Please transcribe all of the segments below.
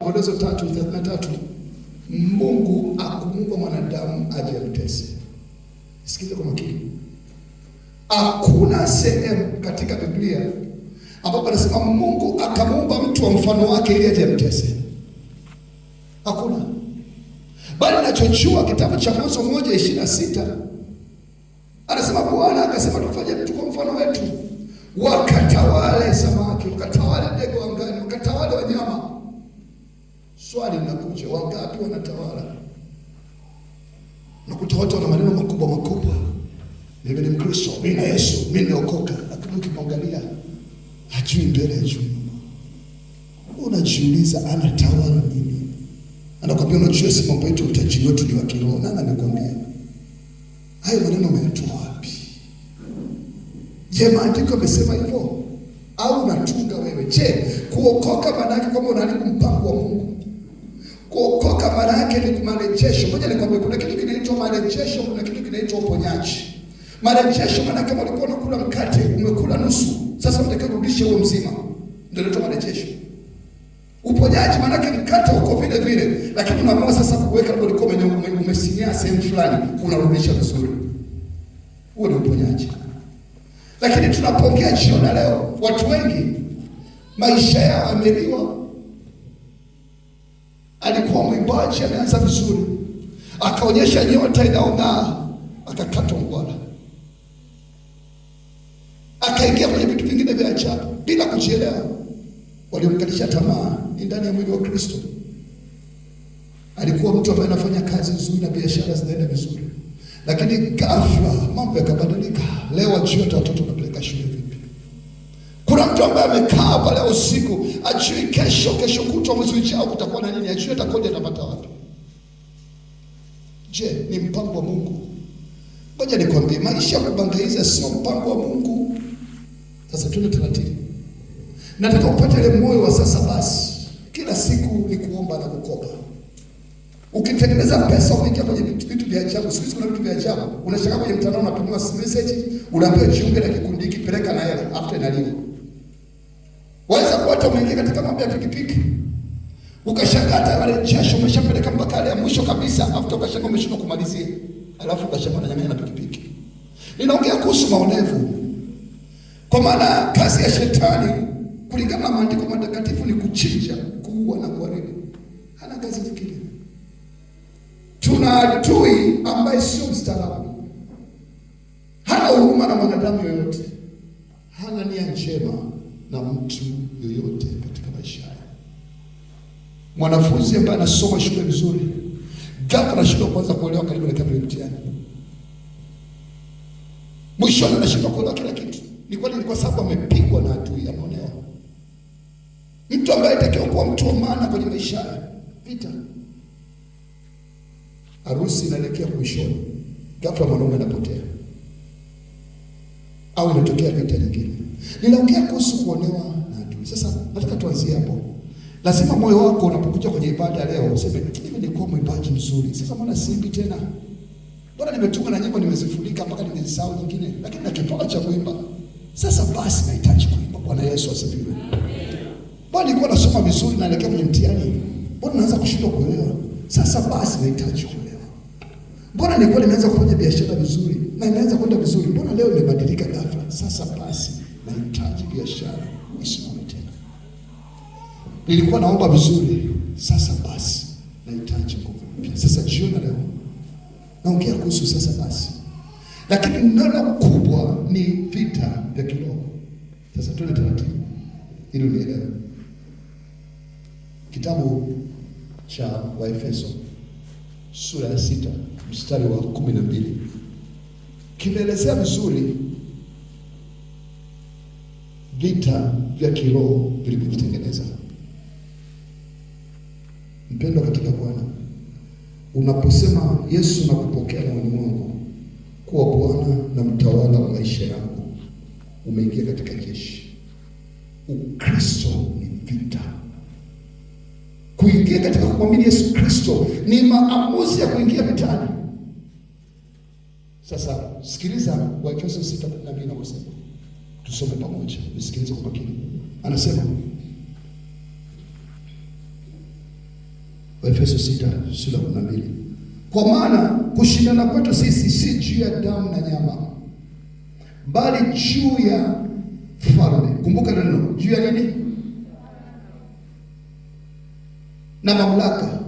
Wakorintho tatu thelathini na tatu Mungu akumuumba mwanadamu aje amtese. Sikiza kwa makini. Hakuna sehemu katika Biblia ambapo anasema Mungu akamuumba mtu wa mfano wake ili aje amtese. Hakuna. Bali nachochua kitabu cha Mwanzo moja ishirini na sita anasema Bwana akasema tufanye mtu kwa mfano wetu, wakatawale samaki, wakatawale ndege wa angani, wakatawale wanyama Swali linakuja, wangapi wanatawala? Nakuta watu wana maneno makubwa makubwa, mimi ni Mkristo, mimi na Yesu, mimi nimeokoka, lakini ukimwangalia hajui mbele, hajui nyuma, unajiuliza anatawala nini? Anakwambia unajua, si mambo yetu, utajiri wetu ni wa kiroho. Nani amekwambia hayo maneno? Umeyatoa wapi? Je, maandiko amesema hivyo au unatunga wewe? Je, kuokoka maana yake kwamba unaharibu mpango wa Mungu? Kuokoka maana yake ni marejesho. Ngoja nikwambie, kuna kitu kinaitwa marejesho, kuna kitu kinaitwa uponyaji. Marejesho maana kama ulikuwa unakula mkate, umekula nusu, sasa unataka kurudisha huo mzima, ndio inaitwa marejesho. Uponyaji maana yake mkate uko vile vile, lakini unaamua sasa kuweka ndio ulikuwa umesinyaa sehemu fulani, unarudisha vizuri. Huo ni uponyaji. Lakini tunapongea jioni leo, watu wengi maisha yao ameliwa maji ameanza vizuri, akaonyesha nyota inaong'aa, akakatwa ungwara, akaingia kwenye vitu vingine vya ajabu bila kujielewa. Waliomkalisha tamaa ni ndani ya mwili wa Kristo. Alikuwa mtu ambaye anafanya kazi nzuri na biashara zinaenda vizuri, lakini ghafla mambo yakabadilika. Leo wajua watoto mtu ambaye amekaa hapa leo usiku ajui kesho, kesho kutwa, mwezi ujao kutakuwa na nini, ajui hata kodi atapata wapi. Je, ni mpango wa Mungu? Ngoja nikwambie, maisha ya kubangaiza sio mpango wa Mungu. Sasa tuna taratibu, nataka upate ile moyo wa sasa basi. Kila siku ni kuomba na kukopa. Ukitengeneza pesa unaingia kwenye vitu vya ajabu. Siku hizi kuna vitu vya ajabu, unashaka kwenye mtandao, unatumiwa message, unaambiwa jiunge na kikundi hiki, peleka na hela, after inaliwa Waweza kuwa hata umeingia katika mambo ya pikipiki ukashangaa tayari jasho umeshapeleka mpaka ile ya mwisho kabisa, afuta ukashangaa umeshindwa kumalizia, alafu ukashangaa unanyang'anya na pikipiki. Ninaongea kuhusu maonevu, kwa maana kazi ya shetani kulingana na maandiko matakatifu ni kuchinja, kuua na kuharibu. Hana kazi nyingine. Tuna adui ambaye sio mstaarabu Mwanafunzi ambaye anasoma shule vizuri, ghafla anashindwa kuanza kuelewa karibu na kabla mtihani. Mwishoni anashindwa kuelewa kila kitu. Ni kweli ni kwa sababu amepigwa na adui, ameonewa. Mtu ambaye atakiwa kuwa mtu wa maana kwenye maisha vita. Harusi inaelekea mwishoni, ghafla mwanaume anapotea au inatokea vita nyingine. Ninaongea kuhusu kuonewa na adui. Sasa nataka tuanzie hapo. Lazima moyo wako unapokuja kwenye ibada ya leo useme mimi nilikuwa mwimbaji mzuri, sasa mbona siimbi tena? Mbona nimetunga na nyimbo nimezifunika mpaka nimezisahau nyingine, lakini na kipawa cha kuimba. Sasa basi nahitaji kuimba. Bwana Yesu asifiwe. Mbona nilikuwa nasoma vizuri naelekea kwenye mtihani, mbona naanza kushindwa kuelewa? Sasa basi nahitaji kuelewa. Mbona nilikuwa nimeanza kufanya biashara vizuri na imeanza kwenda vizuri, mbona leo imebadilika ghafla? Sasa basi nahitaji biashara isimame nilikuwa naomba vizuri, sasa basi nahitaji nguvu mpya. Sasa jiona leo naongea kuhusu sasa basi, lakini neno kubwa ni vita vya kiroho. Sasa tuende taratibu ili unielewe. Kitabu cha Waefeso sura ya sita mstari wa kumi na mbili kinaelezea vizuri vita vya kiroho vilivyojitengeneza Mpendwa katika Bwana, unaposema Yesu nakupokea moyoni mwangu kuwa Bwana na mtawala wa maisha yangu, umeingia katika jeshi. Ukristo ni vita. Kuingia katika kumwamini Yesu Kristo ni maamuzi ya kuingia vitani. Sasa sikiliza Waefeso 6:12 anavyosema, tusome pamoja, nisikilize kwa makini, anasema Efeso 6 sura ya 12. Kwa maana kushindana kwetu sisi si juu ya damu na nyama, bali juu ya falme. Kumbuka neno juu ya nini? Na mamlaka,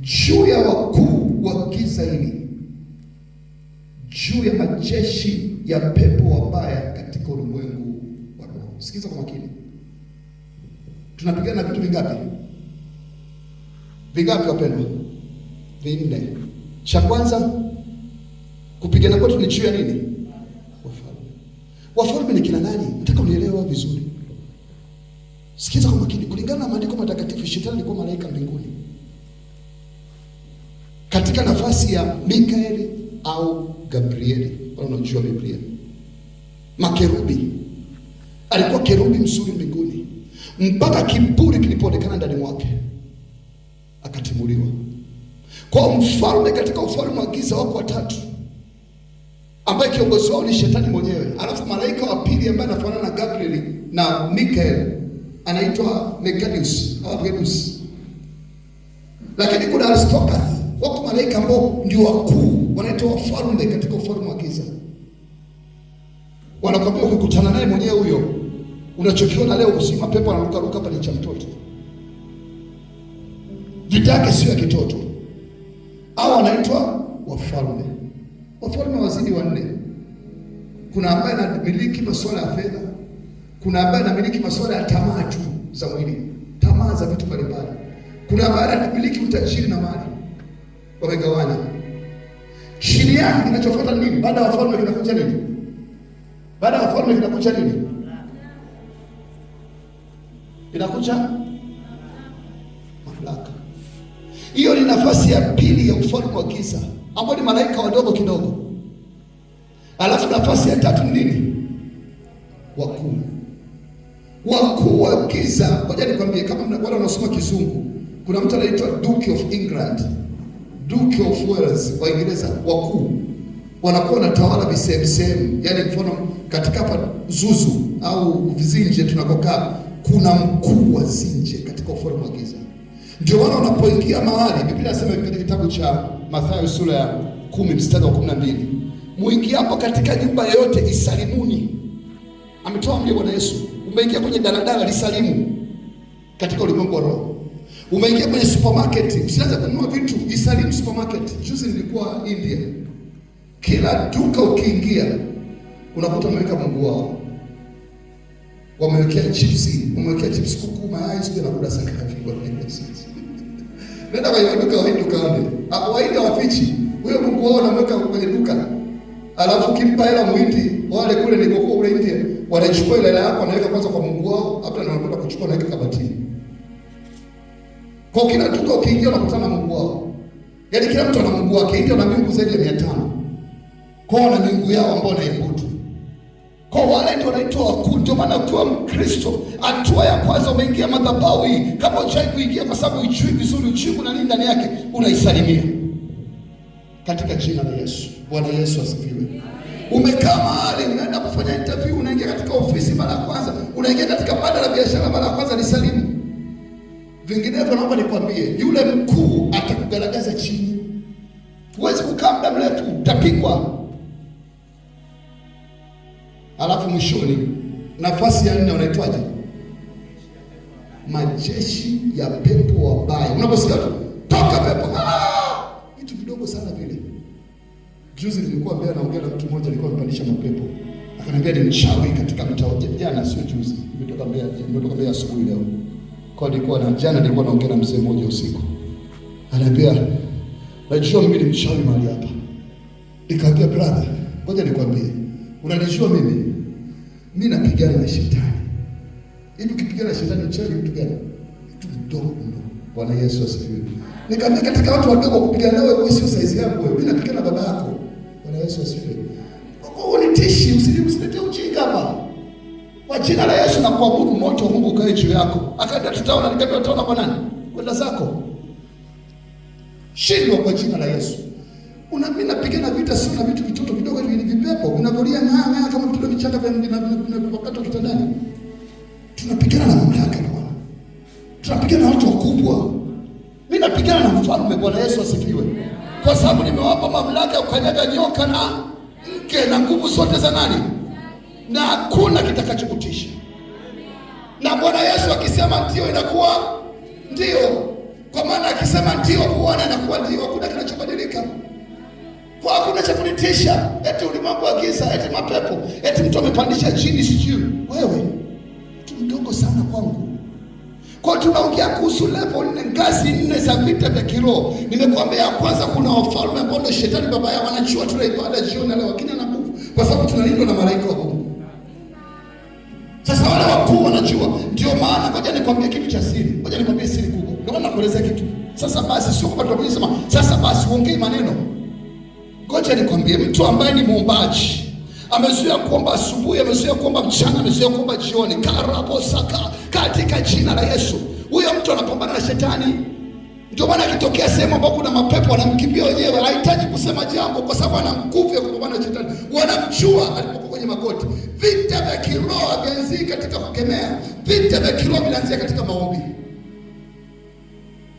juu ya wakuu wa giza hili, juu ya majeshi ya pepo wabaya katika ulimwengu wa roho. Sikiza kwa makini, tunapigana na vitu vingapi? Vingapi wapendwa? Vinne. Cha kwanza kupigana kwetu ni juu ya nini? Wafalme. Wafalme ni kina nani? Nataka unielewa vizuri. Sikiza kwa makini, kulingana na maandiko matakatifu, shetani alikuwa malaika mbinguni katika nafasi ya Mikaeli au Gabrieli, wala unajua Biblia makerubi. Alikuwa kerubi mzuri mbinguni mpaka kiburi kilipoonekana ndani mwake atatimuliwa. Kwa mfalme katika ufalme wa giza wako watatu, ambaye kiongozi wao ni shetani mwenyewe, alafu malaika wa pili ambaye anafanana na Gabriel na Michael anaitwa Mekanius au Mekanius. Lakini kuna Aristokath, wako malaika ambao ndio wakuu, wanaitwa wafalme katika ufalme wa giza. Wanakwambia ukikutana naye mwenyewe huyo, unachokiona leo usimapepo anaruka ruka pale cha mtoto. Vita yake sio ya kitoto, au wanaitwa wafalme. Wafalme wazidi wanne. Kuna ambaye anamiliki masuala ya fedha, kuna ambaye anamiliki masuala ya tamaa tu za mwili, tamaa za vitu mbalimbali, kuna ambaye anamiliki utajiri na mali, wamegawana chini yake. Kinachofuata nini? Baada ya wafalme kinakuja nini? Baada ya wafalme kinakuja nini? Inakuja Hiyo ni nafasi ya pili ya ufalme wa giza ambao ni malaika wadogo kidogo. Alafu nafasi ya tatu ni nini? Wakuu, wakuu wa giza. Ngoja nikwambie, kama mnakwenda unasoma Kizungu, kuna mtu anaitwa Duke of England, Duke of Wales, Waingereza wakuu wanakuwa wanatawala visehemu sehemu, yaani mfano katika hapa Zuzu au Vizinje tunakokaa kuna mkuu wa Zinje katika ufalme wa giza. Ndio maana unapoingia mahali, Biblia inasema katika kitabu cha Mathayo sura ya kumi mstari wa kumi na mbili muingia hapo katika nyumba yoyote isalimuni. Ametoa amri Bwana Yesu. Umeingia kwenye daladala, lisalimu. Katika ulimwengu wa roho, umeingia kwenye supermarket, usianze kununua vitu, isalimu supermarket. Juzi nilikuwa India, kila duka ukiingia unakuta umeweka Mungu wao wamewekea chipsi, wamewekea chipsi kuku, mayai sio na kula sana kwa sisi. Nenda kwa duka wapi dukani? Ah, Hapo waende wafichi. Huyo Mungu wao wanamweka kwenye duka. Alafu kimpa hela muhindi wale kule ni kokoo kule India, wanachukua ile hela yako anaweka kwanza kwa Mungu wao, hata na wanakwenda kuchukua naweka kabatini. Kwa kila duka ukiingia unakutana na Mungu wao. Yaani kila mtu ana Mungu wake. India na miungu zaidi ya 500. Kwao na miungu yao ambao wanaibudu. Kwa wale ndio wanaitwa wakuu. Ndio maana ukiwa Mkristo, hatua ya kwanza umeingia madhabahu hii, kama uchai kuingia kwa sababu ujui vizuri, ujui kuna nini ndani yake, unaisalimia katika jina la Yesu. Bwana Yesu asifiwe. Umekaa mahali unaenda kufanya interview, unaingia katika ofisi mara ya kwanza, unaingia katika banda la biashara mara ya kwanza, ni salimu. Vinginevyo naomba nikwambie, yule mkuu atakugaragaza chini. Huwezi kukaa muda mrefu, utapigwa. Alafu mwishoni nafasi ya nne wanaitwaje? Majeshi ya pepo wabaya. Unaposikia tu toka pepo, ah! vitu vidogo sana vile. Juzi nilikuwa mbele naongea na mtu mmoja, alikuwa amepandisha mapepo, akaniambia ni mchawi katika mtaa. Jana sio juzi, nimetoka mbele, nimetoka mbele asubuhi leo kwa nilikuwa na jana, nilikuwa naongea na mzee mmoja usiku, anaambia najua mimi ni mchawi mahali hapa. Nikaambia brother, ngoja nikwambie, unanijua mimi mimi napigana na shetani. Hivi yaani ukipigana na shetani mchawi mtu gani? Mtu mdogo mno. Bwana Yesu asifiwe. Nikamwambia katika watu wadogo kupigana nawe wewe sio size yako wewe. Mimi napigana na baba yako. Bwana Yesu asifiwe. Unitishi msiniletee ujinga hapa. Kwa jina la Yesu na kuabudu moto wa Mungu kae juu yako. Akaenda tutaona nikaambia tutaona kwa nani? Kwenda zako. Shindwa kwa jina la Yesu. Una mimi napigana vita sio na vitu vitanda vinapakatwa kitandani. Tunapigana na mamlaka Bwana, tunapigana na watu wakubwa. Mimi napigana na mfalme. Bwana Yesu asifiwe, kwa sababu nimewapa mamlaka ya kukanyaga nyoka na mke na nguvu zote za nani, na hakuna kitakachokutisha. Na Bwana Yesu akisema ndio, inakuwa ndio, kwa maana akisema ndio, Bwana inakuwa ndio, hakuna kinachobadilika kwa hakuna cha kunitisha, eti ulimwengu wa giza, eti mapepo, eti mtu amepandisha chini, sijui wewe. Mtu mdogo sana kwangu. Kwa tunaongea kuhusu level nne, ngazi nne za vita vya kiroho. Nimekuambia ya kwanza, kuna wafalme ambao ndio shetani baba yao, wanajua tuna ibada jioni leo, lakini ana nguvu, kwa sababu tunalindwa na malaika wa Mungu. Sasa wale wakuu wanajua, ndio maana ngoja nikwambie kitu cha siri, ngoja nikwambie siri kubwa, ndio maana nakuelezea kitu. Sasa basi, sio kwamba tunakuja sasa basi, ongei maneno Ngoja nikwambie, mtu ambaye ni muombaji amezuia kuomba asubuhi, amezuia kuomba mchana, amezuia kuomba jioni, karabosaka katika jina la Yesu, huyo mtu anapambana na shetani. Ndio maana akitokea sehemu ambayo kuna mapepo anamkimbia wenyewe, hahitaji kusema jambo, kwa sababu ana nguvu ya kupambana na shetani. Wanamjua alipokuwa kwenye magoti. Vita vya kiroho havianzii katika kukemea, vita vya kiroho vinaanzia katika maombi.